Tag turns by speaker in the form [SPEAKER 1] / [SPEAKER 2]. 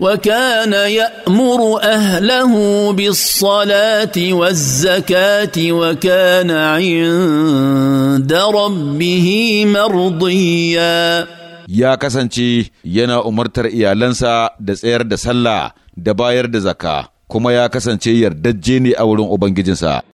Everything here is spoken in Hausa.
[SPEAKER 1] وكان يامر اهله بالصلاه والزكاه
[SPEAKER 2] وكان عند ربه مرضيا ya kasance yana umartar iyalansa da
[SPEAKER 3] tsayar da sallah da bayar da zaka kuma ya kasance yardajje ne a wurin ubangijinsa